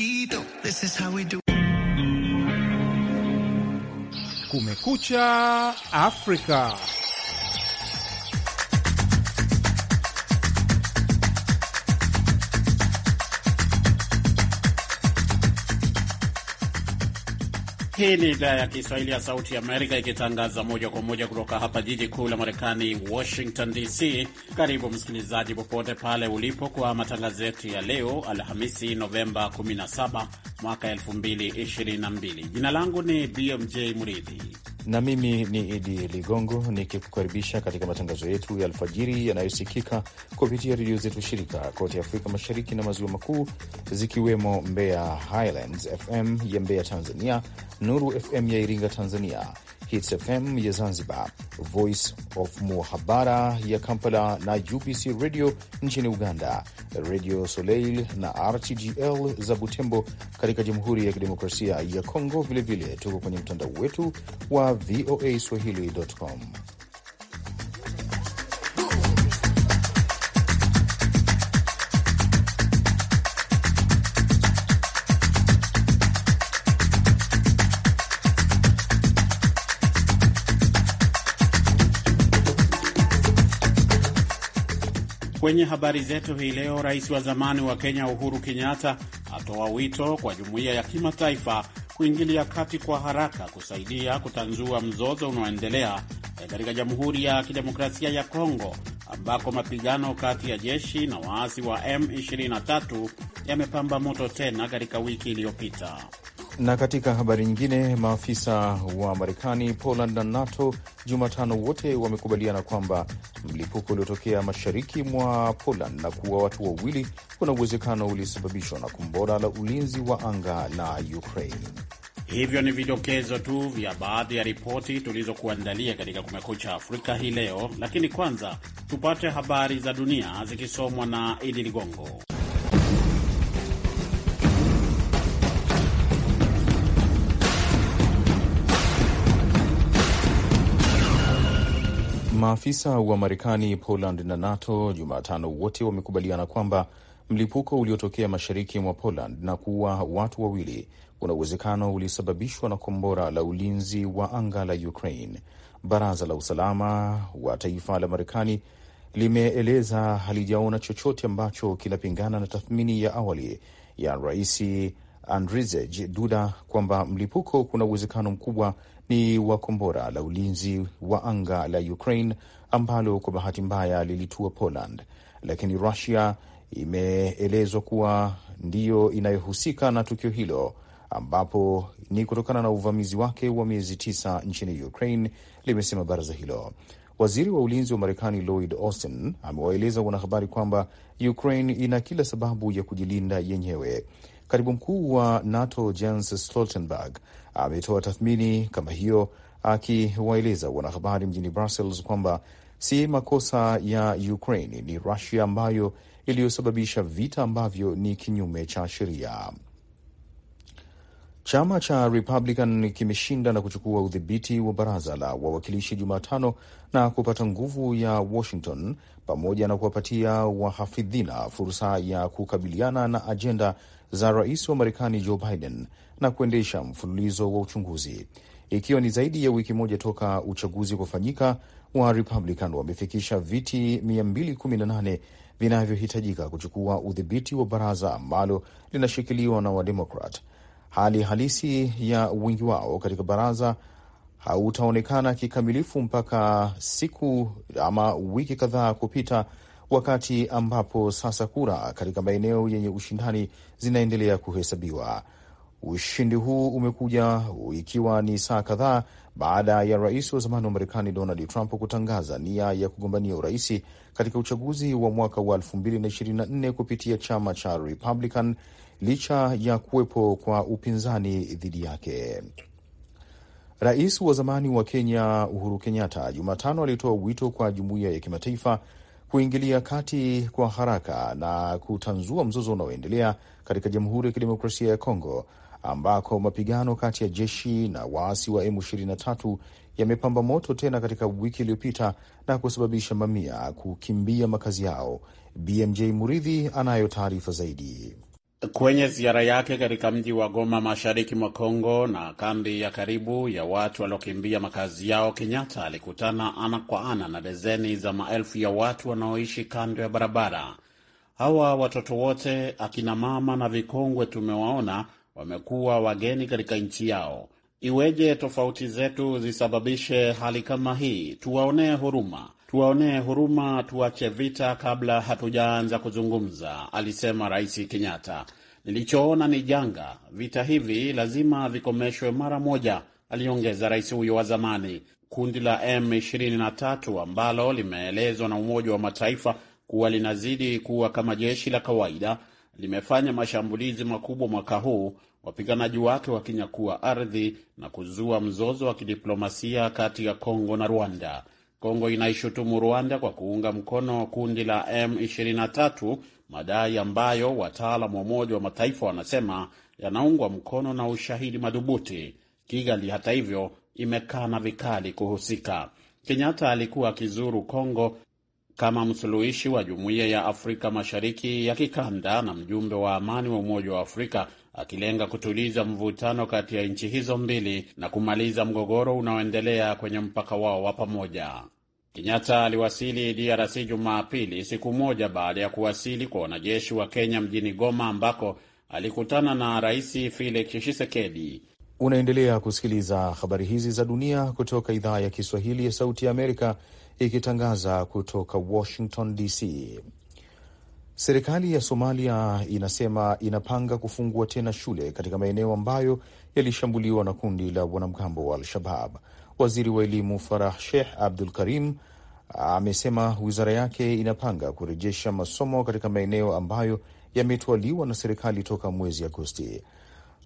despacito. This is how we do. Kumekucha Afrika. Hii ni idhaa ya Kiswahili ya Sauti ya Amerika ikitangaza moja kwa moja kutoka hapa jiji kuu la Marekani, Washington DC. Karibu msikilizaji, popote pale ulipo, kwa matangazo yetu ya leo Alhamisi, Novemba 17 mwaka 2022. Jina langu ni BMJ Mridhi na mimi ni Idi Ligongo nikikukaribisha katika matangazo yetu ya alfajiri yanayosikika kupitia redio zetu shirika kote Afrika Mashariki na Maziwa Makuu, zikiwemo Mbeya Highlands FM ya Mbeya Tanzania, Nuru FM ya Iringa Tanzania, Hits FM ya Zanzibar, Voice of Muhabara ya Kampala na UBC Radio nchini Uganda, Radio Soleil na RTGL za Butembo katika Jamhuri ya Kidemokrasia ya Kongo. Vilevile tuko kwenye mtandao wetu wa voa swahili.com. Kwenye habari zetu hii leo, rais wa zamani wa Kenya Uhuru Kenyatta atoa wito kwa jumuiya ya kimataifa kuingilia kati kwa haraka kusaidia kutanzua mzozo unaoendelea eh, katika Jamhuri ya Kidemokrasia ya Kongo ambako mapigano kati ya jeshi na waasi wa M23 yamepamba moto tena katika wiki iliyopita. Na katika habari nyingine, maafisa wa Marekani, Poland na NATO Jumatano wote wamekubaliana kwamba mlipuko uliotokea mashariki mwa Poland na kuua watu wawili kuna uwezekano ulisababishwa na kombora la ulinzi wa anga la Ukraine. Hivyo ni vidokezo tu vya baadhi ya ripoti tulizokuandalia katika Kumekucha Afrika hii leo, lakini kwanza tupate habari za dunia zikisomwa na Idi Ligongo. Maafisa wa Marekani, Poland na NATO Jumatano wote wamekubaliana kwamba mlipuko uliotokea mashariki mwa Poland na kuua watu wawili kuna uwezekano ulisababishwa na kombora la ulinzi wa anga la Ukraine. Baraza la usalama wa taifa la Marekani limeeleza halijaona chochote ambacho kinapingana na tathmini ya awali ya rais Andrzej Duda kwamba mlipuko kuna uwezekano mkubwa ni wa kombora la ulinzi wa anga la Ukraine ambalo kwa bahati mbaya lilitua Poland, lakini Rusia imeelezwa kuwa ndiyo inayohusika na tukio hilo ambapo ni kutokana na uvamizi wake wa miezi tisa nchini Ukraine, limesema baraza hilo. Waziri wa ulinzi wa Marekani Lloyd Austin amewaeleza wanahabari kwamba Ukraine ina kila sababu ya kujilinda yenyewe. Katibu mkuu wa NATO Jens Stoltenberg ametoa tathmini kama hiyo akiwaeleza wanahabari mjini Brussels kwamba si makosa ya Ukraine, ni Rusia ambayo iliyosababisha vita ambavyo ni kinyume cha sheria. Chama cha Republican kimeshinda na kuchukua udhibiti wa baraza la wawakilishi Jumatano na kupata nguvu ya Washington pamoja na kuwapatia wahafidhina fursa ya kukabiliana na ajenda za rais wa Marekani Joe Biden na kuendesha mfululizo wa uchunguzi. Ikiwa ni zaidi ya wiki moja toka uchaguzi kufanyika, wa Republican wamefikisha viti 218 vinavyohitajika kuchukua udhibiti wa baraza ambalo linashikiliwa na Wademokrat. Hali halisi ya wingi wao katika baraza hautaonekana kikamilifu mpaka siku ama wiki kadhaa kupita, wakati ambapo sasa kura katika maeneo yenye ushindani zinaendelea kuhesabiwa. Ushindi huu umekuja ikiwa ni saa kadhaa baada ya rais wa zamani wa Marekani Donald Trump kutangaza nia ya kugombania uraisi katika uchaguzi wa mwaka wa 2024 kupitia chama cha Republican licha ya kuwepo kwa upinzani dhidi yake. Rais wa zamani wa Kenya Uhuru Kenyatta Jumatano alitoa wito kwa jumuiya ya kimataifa kuingilia kati kwa haraka na kutanzua mzozo unaoendelea katika Jamhuri ya Kidemokrasia ya Kongo ambako mapigano kati ya jeshi na waasi wa M23 yamepamba moto tena katika wiki iliyopita na kusababisha mamia kukimbia makazi yao. BMJ Muridhi anayo taarifa zaidi kwenye ziara yake katika mji wa Goma mashariki mwa Kongo na kambi ya karibu ya watu waliokimbia makazi yao, Kenyatta alikutana ana kwa ana na dezeni za maelfu ya watu wanaoishi kando ya barabara. Hawa watoto wote, akina mama na vikongwe, tumewaona wamekuwa wageni katika nchi yao. Iweje tofauti zetu zisababishe hali kama hii? Tuwaonee huruma tuwaonee huruma, tuache vita kabla hatujaanza kuzungumza, alisema Rais Kenyatta. Nilichoona ni janga, vita hivi lazima vikomeshwe mara moja, aliongeza rais huyo wa zamani. Kundi la M23 ambalo limeelezwa na Umoja wa Mataifa kuwa linazidi kuwa kama jeshi la kawaida limefanya mashambulizi makubwa mwaka huu, wapiganaji wake wakinyakua ardhi na kuzua mzozo wa kidiplomasia kati ya Kongo na Rwanda. Kongo inaishutumu Rwanda kwa kuunga mkono kundi la M23, madai ambayo wataalam wa Umoja wa Mataifa wanasema yanaungwa mkono na ushahidi madhubuti. Kigali hata hivyo imekana vikali kuhusika. Kenyatta alikuwa akizuru Kongo kama msuluhishi wa Jumuiya ya Afrika Mashariki ya kikanda na mjumbe wa amani wa Umoja wa Afrika akilenga kutuliza mvutano kati ya nchi hizo mbili na kumaliza mgogoro unaoendelea kwenye mpaka wao wa pamoja. Kenyatta aliwasili DRC Jumapili, siku moja baada ya kuwasili kwa wanajeshi wa Kenya mjini Goma, ambako alikutana na Rais Felix Tshisekedi. Unaendelea kusikiliza habari hizi za dunia kutoka idhaa ya Kiswahili ya Sauti ya Amerika, ikitangaza kutoka Washington DC. Serikali ya Somalia inasema inapanga kufungua tena shule katika maeneo ambayo yalishambuliwa na kundi la wanamgambo wa Al-Shabab. Waziri wa elimu Farah Sheikh Abdul Karim amesema wizara yake inapanga kurejesha masomo katika maeneo ambayo yametwaliwa na serikali toka mwezi Agosti.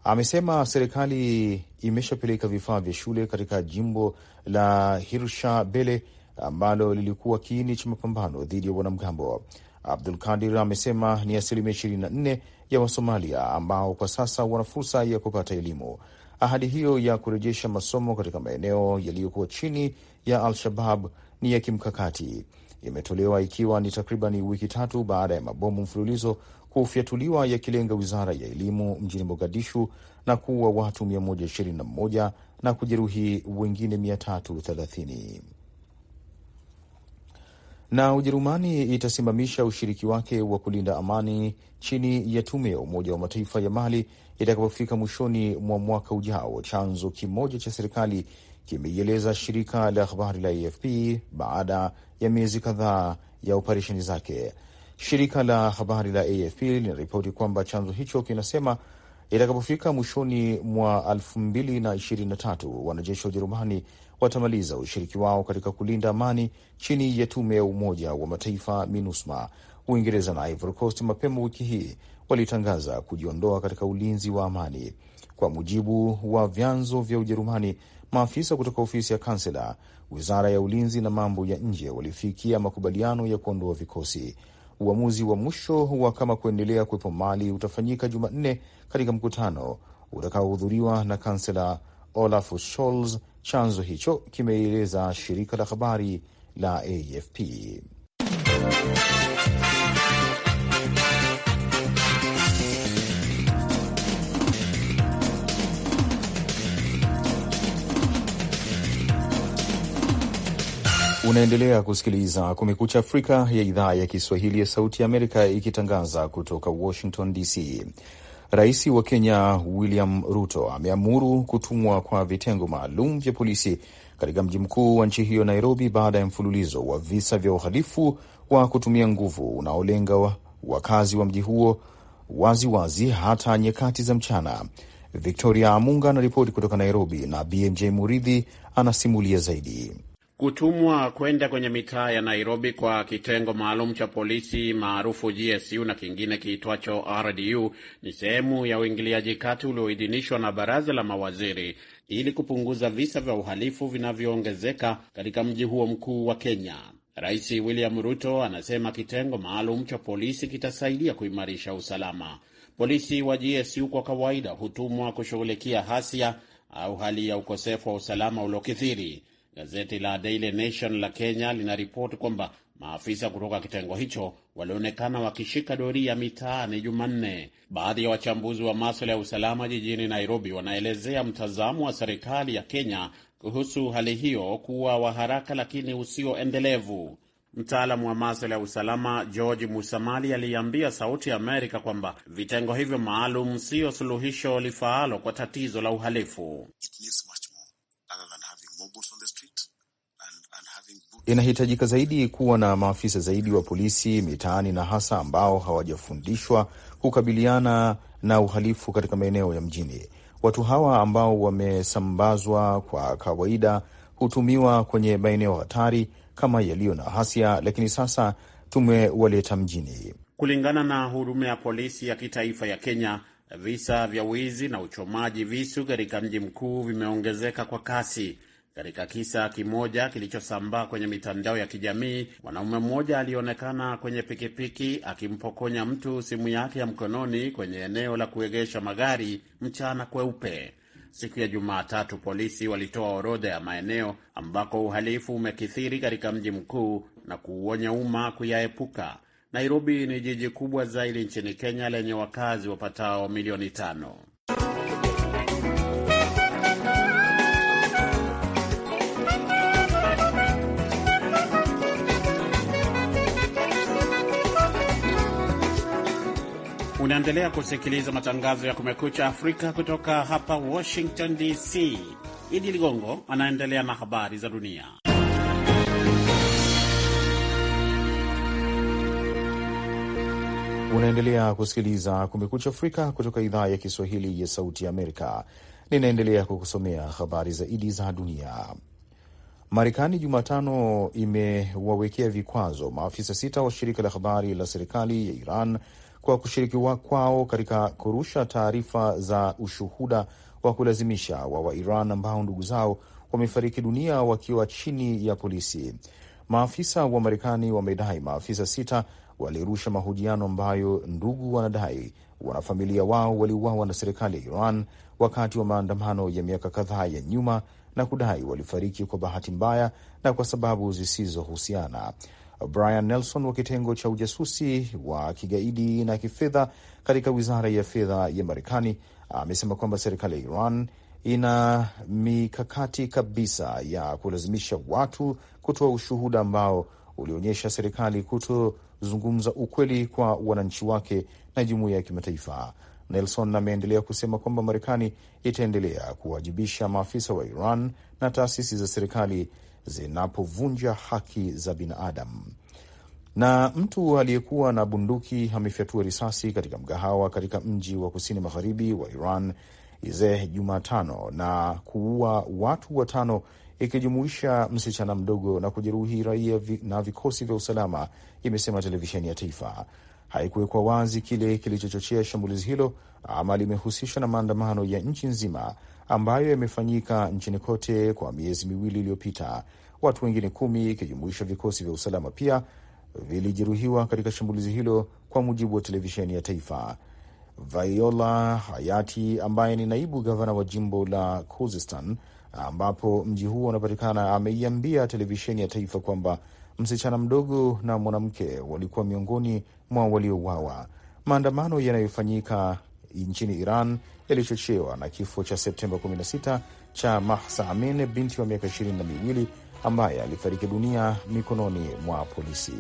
Amesema serikali imeshapeleka vifaa vya shule katika jimbo la hirsha bele ambalo lilikuwa kiini cha mapambano dhidi ya wanamgambo. Abdul Kadir amesema ni asilimia nne ya Wasomalia ambao kwa sasa wana fursa ya kupata elimu. Ahadi hiyo ya kurejesha masomo katika maeneo yaliyokuwa chini ya Al-Shabab ni ya kimkakati. Imetolewa ikiwa ni takriban wiki tatu baada ya mabomu mfululizo kufyatuliwa yakilenga wizara ya elimu mjini Mogadishu na kuua watu 121 na kujeruhi wengine 330 na Ujerumani itasimamisha ushiriki wake wa kulinda amani chini ya tume ya Umoja wa Mataifa ya Mali itakapofika mwishoni mwa mwaka ujao, chanzo kimoja cha serikali kimeieleza shirika la habari la AFP baada ya miezi kadhaa ya operesheni zake. Shirika la habari la AFP linaripoti kwamba chanzo hicho kinasema itakapofika mwishoni mwa 2023 wanajeshi wa Ujerumani watamaliza ushiriki wao katika kulinda amani chini ya tume ya Umoja wa Mataifa MINUSMA. Uingereza na Ivory Coast mapema wiki hii walitangaza kujiondoa katika ulinzi wa amani. Kwa mujibu wa vyanzo vya Ujerumani, maafisa kutoka ofisi ya kansela, wizara ya ulinzi na mambo ya nje walifikia makubaliano ya kuondoa vikosi. Uamuzi wa mwisho wa kama kuendelea kuwepo Mali utafanyika Jumanne katika mkutano utakaohudhuriwa na kansela Olaf Scholz, chanzo hicho kimeeleza shirika la habari la AFP. Unaendelea kusikiliza Kumekucha Afrika ya idhaa ya Kiswahili ya Sauti ya Amerika ikitangaza kutoka Washington DC. Rais wa Kenya William Ruto ameamuru kutumwa kwa vitengo maalum vya polisi katika mji mkuu wa nchi hiyo Nairobi, baada ya mfululizo wa visa vya uhalifu wa kutumia nguvu unaolenga wakazi wa mji huo waziwazi wazi, hata nyakati za mchana. Victoria Amunga anaripoti kutoka Nairobi na BMJ Muridhi anasimulia zaidi. Kutumwa kwenda kwenye mitaa ya Nairobi kwa kitengo maalum cha polisi maarufu GSU na kingine kiitwacho RDU ni sehemu ya uingiliaji kati ulioidhinishwa na baraza la mawaziri ili kupunguza visa vya uhalifu vinavyoongezeka katika mji huo mkuu wa Kenya. Rais William Ruto anasema kitengo maalum cha polisi kitasaidia kuimarisha usalama. Polisi wa GSU kwa kawaida hutumwa kushughulikia hasia au hali ya ukosefu wa usalama uliokithiri. Gazeti la Daily Nation la Kenya linaripoti kwamba maafisa kutoka kitengo hicho walionekana wakishika doria mitaani Jumanne. Baadhi ya wachambuzi wa maswala ya usalama jijini Nairobi wanaelezea mtazamo wa serikali ya Kenya kuhusu hali hiyo kuwa wa haraka lakini usioendelevu. Mtaalamu wa maswala ya usalama George Musamali aliambia Sauti ya Amerika kwamba vitengo hivyo maalum siyo suluhisho lifaalo kwa tatizo la uhalifu. Inahitajika zaidi kuwa na maafisa zaidi wa polisi mitaani na hasa ambao hawajafundishwa kukabiliana na uhalifu katika maeneo ya mjini. Watu hawa ambao wamesambazwa kwa kawaida hutumiwa kwenye maeneo hatari kama yaliyo na ghasia, lakini sasa tumewaleta mjini. Kulingana na huduma ya polisi ya kitaifa ya Kenya, visa vya wizi na uchomaji visu katika mji mkuu vimeongezeka kwa kasi. Katika kisa kimoja kilichosambaa kwenye mitandao ya kijamii, mwanaume mmoja alionekana kwenye pikipiki akimpokonya mtu simu yake ya mkononi kwenye eneo la kuegesha magari mchana kweupe. Siku ya Jumatatu, polisi walitoa orodha ya maeneo ambako uhalifu umekithiri katika mji mkuu na kuuonya umma kuyaepuka. Nairobi ni jiji kubwa zaidi nchini Kenya lenye wakazi wapatao milioni tano. Unaendelea kusikiliza matangazo ya Kumekucha Afrika kutoka hapa Washington DC. Idi Ligongo anaendelea na habari za dunia. Unaendelea kusikiliza Kumekucha Afrika kutoka idhaa ya Kiswahili ya Sauti ya Amerika. Ninaendelea kukusomea habari zaidi za dunia. Marekani Jumatano imewawekea vikwazo maafisa sita wa shirika la habari la serikali ya Iran kwa kushiriki kwao katika kurusha taarifa za ushuhuda wa kulazimisha wa Wairan ambao ndugu zao wamefariki dunia wakiwa chini ya polisi. Maafisa wa Marekani wamedai maafisa sita walirusha mahojiano ambayo ndugu wanadai wanafamilia wao waliuawa na serikali ya Iran wakati wa maandamano ya miaka kadhaa ya nyuma na kudai walifariki kwa bahati mbaya na kwa sababu zisizohusiana. Brian Nelson wa kitengo cha ujasusi wa kigaidi na kifedha katika wizara ya fedha ya Marekani amesema kwamba serikali ya Iran ina mikakati kabisa ya kulazimisha watu kutoa ushuhuda ambao ulionyesha serikali kutozungumza ukweli kwa wananchi wake na jumuiya ya kimataifa. Nelson ameendelea kusema kwamba Marekani itaendelea kuwajibisha maafisa wa Iran na taasisi za serikali zinapovunja haki za binadamu. Na mtu aliyekuwa na bunduki amefyatua risasi katika mgahawa katika mji wa kusini magharibi wa Iran Izeh Jumatano na kuua watu watano ikijumuisha msichana mdogo na kujeruhi raia na vikosi vya usalama, imesema televisheni ya taifa. Haikuwekwa wazi kile kilichochochea shambulizi hilo ama limehusishwa na maandamano ya nchi nzima ambayo yamefanyika nchini kote kwa miezi miwili iliyopita. Watu wengine kumi ikijumuisha vikosi vya usalama pia vilijeruhiwa katika shambulizi hilo, kwa mujibu wa televisheni ya taifa. Viola Hayati ambaye ni naibu gavana wa jimbo la Khuzestan ambapo mji huo unapatikana, ameiambia televisheni ya taifa kwamba msichana mdogo na mwanamke walikuwa miongoni mwa waliouawa. Maandamano yanayofanyika nchini Iran yalichochewa na kifo cha Septemba 16 cha Mahsa Amin, binti wa miaka ishirini na miwili ambaye alifariki dunia mikononi mwa polisi.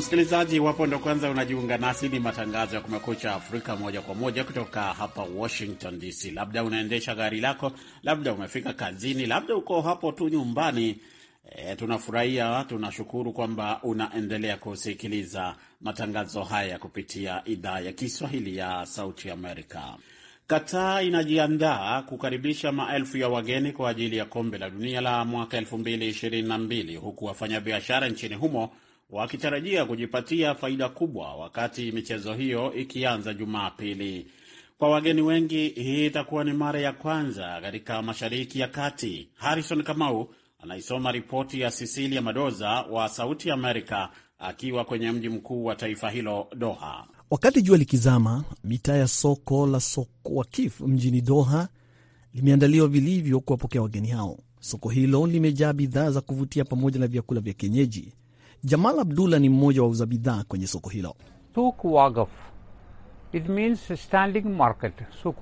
Msikilizaji, iwapo ndo kwanza unajiunga nasi, ni matangazo ya Kumekucha Afrika moja kwa moja kutoka hapa Washington DC. Labda unaendesha gari lako, labda umefika kazini, labda uko hapo tu nyumbani. E, tunafurahia, tunashukuru kwamba unaendelea kusikiliza matangazo haya kupitia idhaa ya Kiswahili ya Sauti Amerika. Kataa inajiandaa kukaribisha maelfu ya wageni kwa ajili ya kombe la dunia la mwaka 2022 huku wafanyabiashara nchini humo wakitarajia kujipatia faida kubwa wakati michezo hiyo ikianza Jumapili. Kwa wageni wengi, hii itakuwa ni mara ya kwanza katika Mashariki ya Kati. Harrison Kamau anaisoma ripoti ya Sisilia Madoza wa Sauti Amerika akiwa kwenye mji mkuu wa taifa hilo Doha. Wakati jua likizama, mitaa ya soko la soko wakif mjini Doha limeandaliwa vilivyo kuwapokea wageni hao. Soko hilo limejaa bidhaa za kuvutia pamoja na vyakula vya kienyeji Jamal Abdullah ni mmoja wa uza bidhaa kwenye soko hilo. Suk it means standing market suk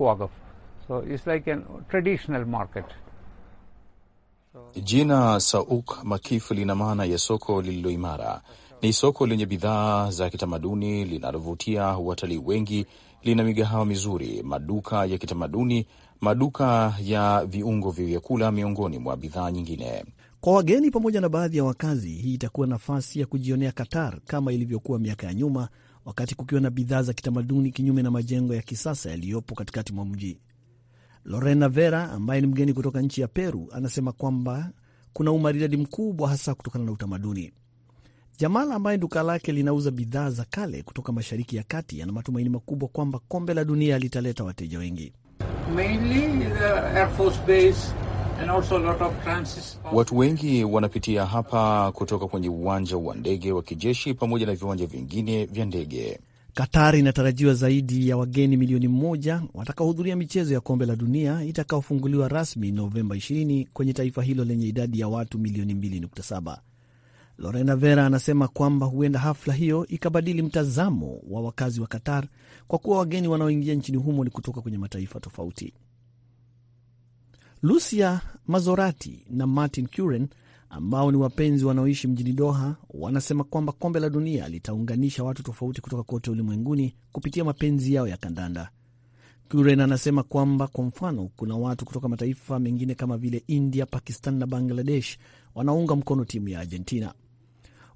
so it's like a traditional market. Jina Sauk Makif lina maana ya soko lililoimara. Ni soko lenye bidhaa za kitamaduni linalovutia watalii wengi. Lina migahawa mizuri, maduka ya kitamaduni, maduka ya viungo vya vyakula, miongoni mwa bidhaa nyingine. Kwa wageni pamoja na baadhi ya wakazi, hii itakuwa nafasi ya kujionea Qatar kama ilivyokuwa miaka ya nyuma, wakati kukiwa na bidhaa za kitamaduni kinyume na majengo ya kisasa yaliyopo katikati mwa mji. Lorena Vera ambaye ni mgeni kutoka nchi ya Peru anasema kwamba kuna umaridadi mkubwa hasa kutokana na utamaduni. Jamal ambaye duka lake linauza bidhaa za kale kutoka Mashariki ya Kati ana matumaini makubwa kwamba kombe la dunia litaleta wateja wengi. Mainly the uh, Air Force base. Watu wengi wanapitia hapa kutoka kwenye uwanja wa ndege wa kijeshi pamoja na viwanja vingine vya ndege. Katari inatarajiwa zaidi ya wageni milioni moja watakaohudhuria michezo ya kombe la dunia itakaofunguliwa rasmi Novemba 20 kwenye taifa hilo lenye idadi ya watu milioni 2.7. Lorena Vera anasema kwamba huenda hafla hiyo ikabadili mtazamo wa wakazi wa Qatar kwa kuwa wageni wanaoingia nchini humo ni kutoka kwenye mataifa tofauti. Lucia Mazorati na Martin Curen ambao ni wapenzi wanaoishi mjini Doha wanasema kwamba kombe la dunia litaunganisha watu tofauti kutoka kote ulimwenguni kupitia mapenzi yao ya kandanda. Curen anasema kwamba kwa mfano, kuna watu kutoka mataifa mengine kama vile India, Pakistan na Bangladesh wanaunga mkono timu ya Argentina.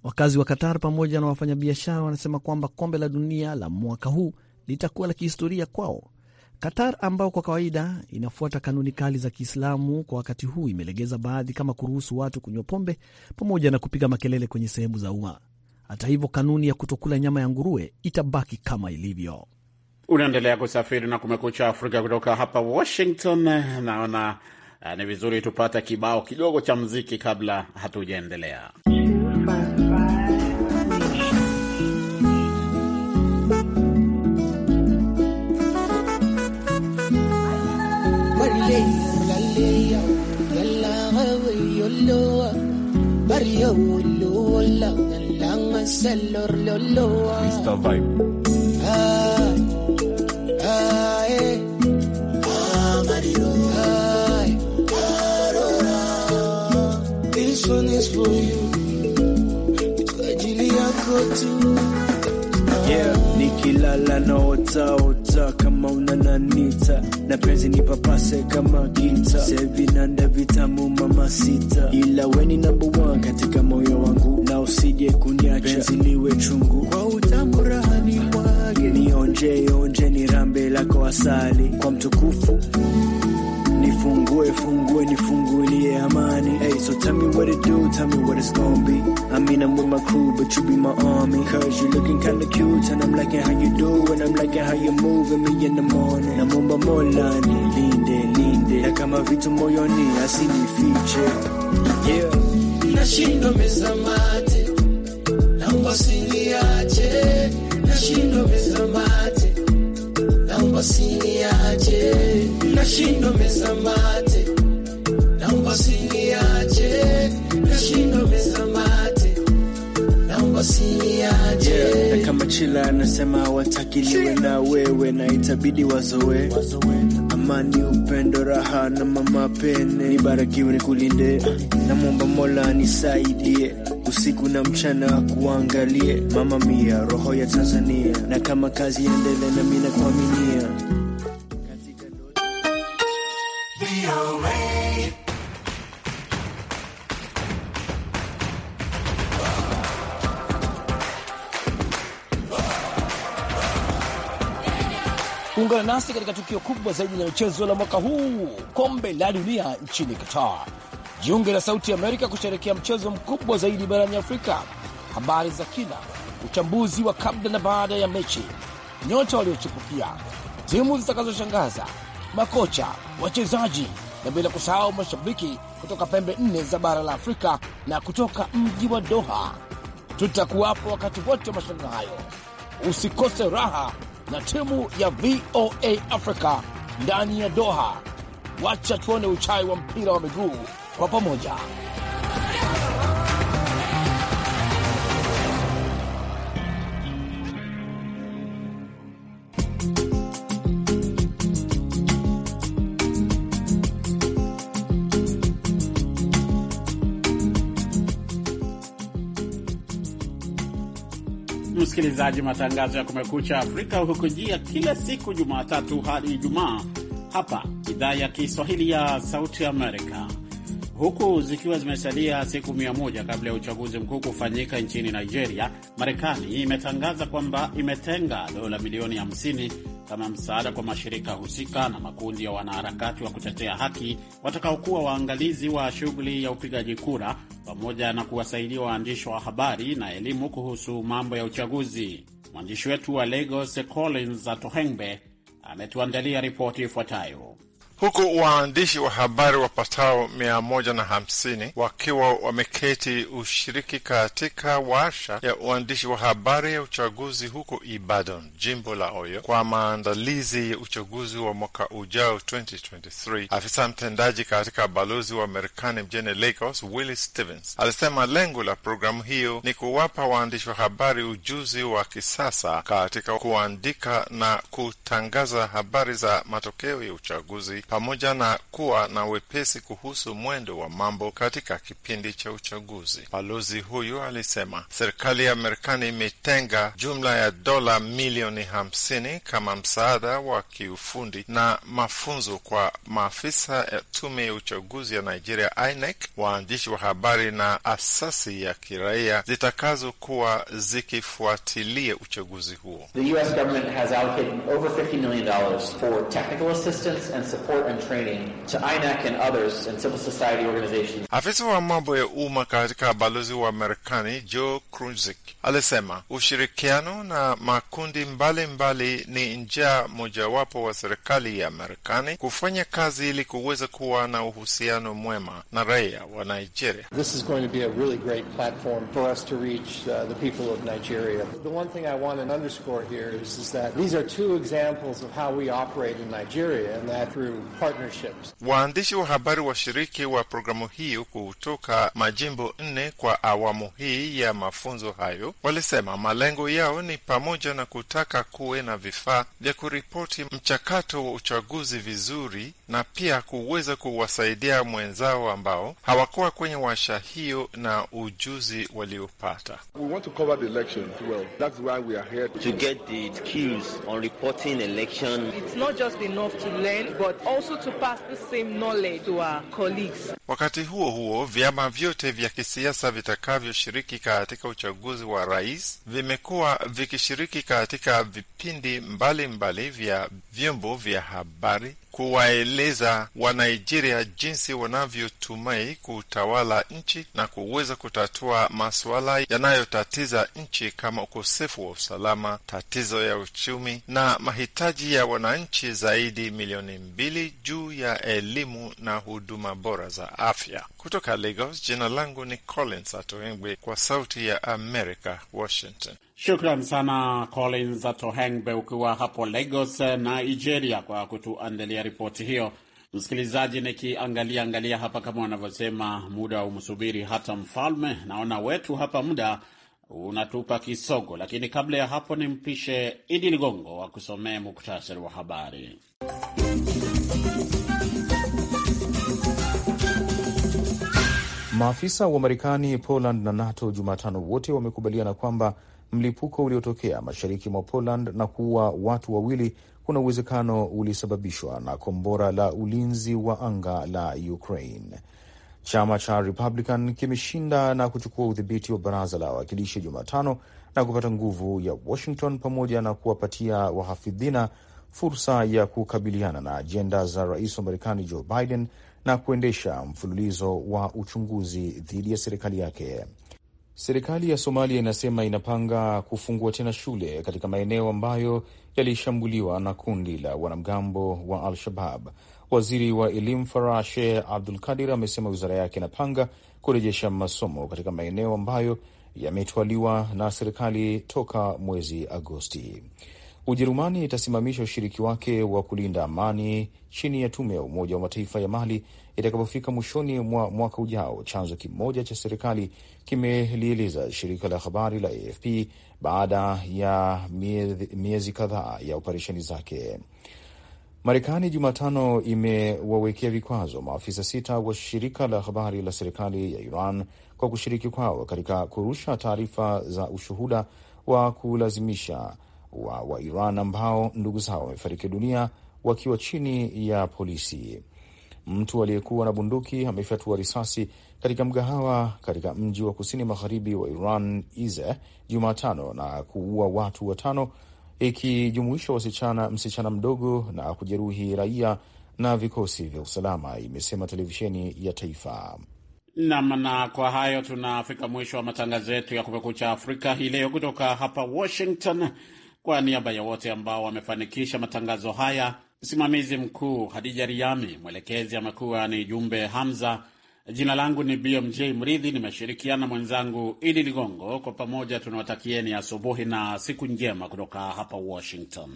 Wakazi wa Qatar pamoja na wafanyabiashara wanasema kwamba kombe la dunia la mwaka huu litakuwa la kihistoria kwao Qatar ambao kwa kawaida inafuata kanuni kali za Kiislamu kwa wakati huu imelegeza baadhi, kama kuruhusu watu kunywa pombe pamoja na kupiga makelele kwenye sehemu za umma. Hata hivyo, kanuni ya kutokula nyama ya nguruwe itabaki kama ilivyo. Unaendelea kusafiri na Kumekucha Afrika kutoka hapa Washington. Naona eh, ni vizuri tupate kibao kidogo cha mziki kabla hatujaendelea. loloa Barrio loloa Langan langan sa lor loloa Mr. Vibe Ay Ay Ah eh. Mario Ay This one is for you Kwa yako tu Yeah, nikilala naota na penzi papase kama gita sevinanda vitamu mama sita, ila weni number one katika moyo wangu, na usije kuniacha penzi liwe chungu kwa utamu rahani mwage, nionje onje ni rambe lako asali kwa mtukufu Fungue, fungue, nifungulie amani. Hey, so tell me what it do, tell me what it's gonna be. I mean, I'm with my crew, but you be my army. Cause you looking kinda cute, and I'm liking how you do, and I'm liking how you moving me in the morning. Namomba molani, linde, linde. Kama vitu moyoni, asinifiche. Yeah. Nashindo mesamate, naomba usiniache. Nashindo wasiniache, nashindo mesambate, naomba wasiniache, nashindo mesambate, naomba wasiniache. Kama Chila anasema watakiliwe na wewe na itabidi wazowe, wazowe. Amani, upendo, raha na mama pene, nibarikiwe, nikulinde, ah. namwomba Mola nisaidie usiku na mchana kuangalie mama mia roho ya Tanzania, na kama kazi endele na mimi nakuaminia Ungana nasi katika tukio kubwa zaidi la michezo la mwaka huu, kombe la dunia nchini Qatar Jiunge na Sauti Amerika kusherekea mchezo mkubwa zaidi barani Afrika. Habari za kina, uchambuzi wa kabla na baada ya mechi, nyota waliochipukia, timu zitakazoshangaza, makocha, wachezaji na bila kusahau mashabiki kutoka pembe nne za bara la Afrika na kutoka mji wa Doha. Tutakuwapo wakati wote wa mashindano hayo, usikose raha na timu ya VOA Africa ndani ya Doha. Wacha tuone uchai wa mpira wa miguu kwa pamoja. Msikilizaji, matangazo ya Kumekucha Afrika hukujia kila siku Jumatatu hadi Ijumaa hapa idhaa ya Kiswahili ya Sauti Amerika. Huku zikiwa zimesalia siku mia moja kabla ya uchaguzi mkuu kufanyika nchini Nigeria, Marekani imetangaza kwamba imetenga dola milioni 50 kama msaada kwa mashirika husika na makundi ya wanaharakati wa kutetea haki watakaokuwa waangalizi wa shughuli ya upigaji kura, pamoja na kuwasaidia waandishi wa habari na elimu kuhusu mambo ya uchaguzi. Mwandishi wetu wa Lagos Collins Atohengbe ametuandalia ripoti ifuatayo huku waandishi wa habari wapatao mia moja na hamsini wakiwa wameketi ushiriki katika warsha ya uandishi wa habari ya uchaguzi huko Ibadan, jimbo la Oyo, kwa maandalizi ya uchaguzi wa mwaka ujao 2023. Afisa mtendaji katika balozi wa Marekani mjini Lagos, willi Stevens, alisema lengo la programu hiyo ni kuwapa waandishi wa habari ujuzi wa kisasa katika kuandika na kutangaza habari za matokeo ya uchaguzi pamoja na kuwa na wepesi kuhusu mwendo wa mambo katika kipindi cha uchaguzi. Balozi huyu alisema serikali ya Marekani imetenga jumla ya dola milioni hamsini kama msaada wa kiufundi na mafunzo kwa maafisa ya tume ya uchaguzi ya Nigeria INEC, waandishi wa habari na asasi ya kiraia zitakazokuwa zikifuatilia uchaguzi huo. The US government has allocated over $50 million for technical assistance and support support and training to INEC and others and civil society organizations. Afisa wa mambo ya umma katika balozi wa Marekani Joe Krunzik alisema ushirikiano na makundi mbalimbali mbali ni njia mojawapo wa serikali ya Marekani kufanya kazi ili kuweza kuwa na uhusiano mwema na raia wa Nigeria. This is going to be a really great platform for us to reach uh, the people of Nigeria. The one thing I want to underscore here is, is that these are two examples of how we operate in Nigeria and that through partnerships. Waandishi wa habari washiriki wa programu hiyo kutoka majimbo nne kwa awamu hii ya mafunzo hayo walisema malengo yao ni pamoja na kutaka kuwe na vifaa vya kuripoti mchakato wa uchaguzi vizuri na pia kuweza kuwasaidia mwenzao ambao hawakuwa kwenye washa hiyo na ujuzi waliopata. We want to cover the election well. That's why we are here to get the skills on reporting election. It's not just enough to learn, but also to pass the same knowledge to our colleagues. Wakati huo huo, vyama vyote vya kisiasa vitakavyoshiriki katika uchaguzi wa rais vimekuwa vikishiriki katika vipindi mbalimbali mbali vya vyombo vya habari kuwaeleza Wanigeria jinsi wanavyotumai kutawala nchi na kuweza kutatua masuala yanayotatiza nchi kama ukosefu wa usalama, tatizo ya uchumi na mahitaji ya wananchi zaidi milioni mbili juu ya elimu na huduma bora za afya. Kutoka Lagos, jina langu ni Collins Atoengwe, kwa Sauti ya America, Washington. Shukran sana Collins Atohengbe, ukiwa hapo Lagos, eh, Nigeria, kwa kutuandalia ripoti hiyo. Msikilizaji, nikiangalia angalia hapa, kama wanavyosema, muda umsubiri hata mfalme. Naona wetu hapa muda unatupa kisogo, lakini kabla ya hapo, nimpishe Idi Ligongo akusomee muktasari wa habari. Maafisa wa Marekani, Poland na NATO Jumatano wote wamekubaliana kwamba mlipuko uliotokea mashariki mwa Poland na kuua watu wawili kuna uwezekano ulisababishwa na kombora la ulinzi wa anga la Ukraine. Chama cha Republican kimeshinda na kuchukua udhibiti wa baraza la wawakilishi Jumatano na kupata nguvu ya Washington pamoja na kuwapatia wahafidhina fursa ya kukabiliana na ajenda za rais wa Marekani Joe Biden na kuendesha mfululizo wa uchunguzi dhidi ya serikali yake. Serikali ya Somalia inasema inapanga kufungua tena shule katika maeneo ambayo yalishambuliwa na kundi la wanamgambo wa Al-Shabab. Waziri wa elimu Farah sheh Abdul Kadir amesema wizara yake inapanga kurejesha masomo katika maeneo ambayo yametwaliwa na serikali toka mwezi Agosti. Ujerumani itasimamisha ushiriki wake wa kulinda amani chini ya tume ya Umoja wa Mataifa ya Mali itakapofika mwishoni mwa mwaka ujao, chanzo kimoja cha serikali kimelieleza shirika la habari la AFP baada ya miezi kadhaa ya operesheni zake. Marekani Jumatano imewawekea vikwazo maafisa sita wa shirika la habari la serikali ya Iran kwa kushiriki kwao katika kurusha taarifa za ushuhuda wa kulazimisha wa Wairan ambao ndugu zao wamefariki dunia wakiwa chini ya polisi. Mtu aliyekuwa na bunduki amefyatua risasi katika mgahawa katika mji wa kusini magharibi wa Iran Ize Jumatano na kuua watu watano ikijumuisha wasichana, msichana mdogo na kujeruhi raia na vikosi vya usalama, imesema televisheni ya taifa. Nam, na kwa hayo tunafika mwisho wa matangazo yetu ya Kumekucha Afrika hii leo kutoka hapa Washington. Kwa niaba ya wote ambao wamefanikisha matangazo haya, msimamizi mkuu Hadija Riami, mwelekezi amekuwa ni Jumbe Hamza. Jina langu ni BMJ Mridhi, nimeshirikiana mwenzangu Idi Ligongo. Kwa pamoja tunawatakieni asubuhi na siku njema kutoka hapa Washington.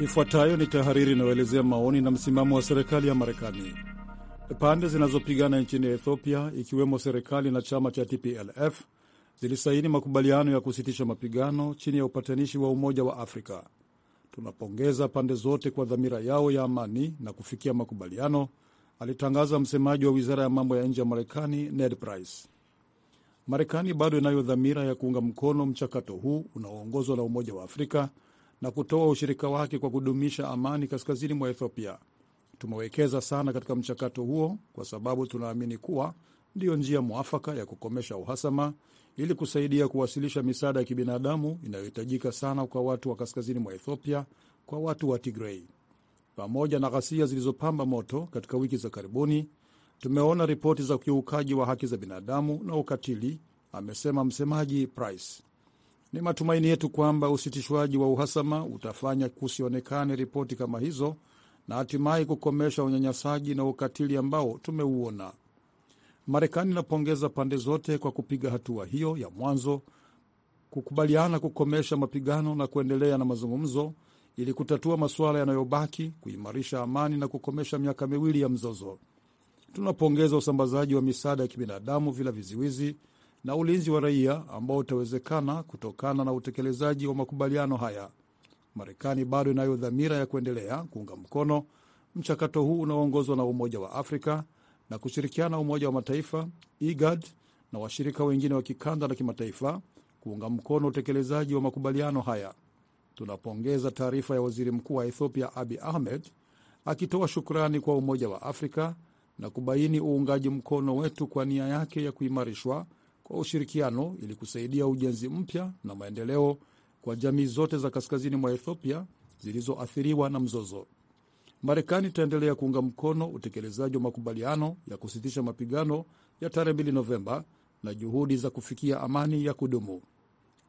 Ifuatayo ni tahariri inayoelezea maoni na msimamo wa serikali ya Marekani. Pande zinazopigana nchini Ethiopia, ikiwemo serikali na chama cha TPLF, zilisaini makubaliano ya kusitisha mapigano chini ya upatanishi wa Umoja wa Afrika. Tunapongeza pande zote kwa dhamira yao ya amani na kufikia makubaliano, alitangaza msemaji wa wizara ya mambo ya nje ya Marekani, Ned Price. Marekani bado inayo dhamira ya kuunga mkono mchakato huu unaoongozwa na Umoja wa Afrika na kutoa ushirika wake kwa kudumisha amani kaskazini mwa Ethiopia. Tumewekeza sana katika mchakato huo kwa sababu tunaamini kuwa ndiyo njia mwafaka ya kukomesha uhasama ili kusaidia kuwasilisha misaada ya kibinadamu inayohitajika sana kwa watu wa kaskazini mwa Ethiopia, kwa watu wa Tigrei. Pamoja na ghasia zilizopamba moto katika wiki za karibuni, tumeona ripoti za ukiukaji wa haki za binadamu na ukatili, amesema msemaji Price. Ni matumaini yetu kwamba usitishwaji wa uhasama utafanya kusionekane ripoti kama hizo na hatimaye kukomesha unyanyasaji na ukatili ambao tumeuona. Marekani inapongeza pande zote kwa kupiga hatua hiyo ya mwanzo, kukubaliana kukomesha mapigano na kuendelea na mazungumzo ili kutatua masuala yanayobaki, kuimarisha amani na kukomesha miaka miwili ya mzozo. Tunapongeza usambazaji wa misaada ya kibinadamu bila viziwizi na ulinzi wa raia ambao utawezekana kutokana na utekelezaji wa makubaliano haya. Marekani bado inayo dhamira ya kuendelea kuunga mkono mchakato huu unaoongozwa na Umoja wa Afrika na kushirikiana Umoja wa Mataifa, IGAD na washirika wengine wa kikanda na kimataifa kuunga mkono utekelezaji wa makubaliano haya. Tunapongeza taarifa ya Waziri Mkuu wa Ethiopia abi Ahmed akitoa shukrani kwa Umoja wa Afrika na kubaini uungaji mkono wetu kwa nia yake ya kuimarishwa kwa ushirikiano ili kusaidia ujenzi mpya na maendeleo kwa jamii zote za kaskazini mwa Ethiopia zilizoathiriwa na mzozo. Marekani itaendelea kuunga mkono utekelezaji wa makubaliano ya kusitisha mapigano ya tarehe 2 Novemba na juhudi za kufikia amani ya kudumu.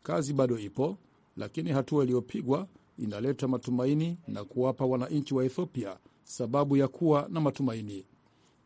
Kazi bado ipo, lakini hatua iliyopigwa inaleta matumaini na kuwapa wananchi wa Ethiopia sababu ya kuwa na matumaini.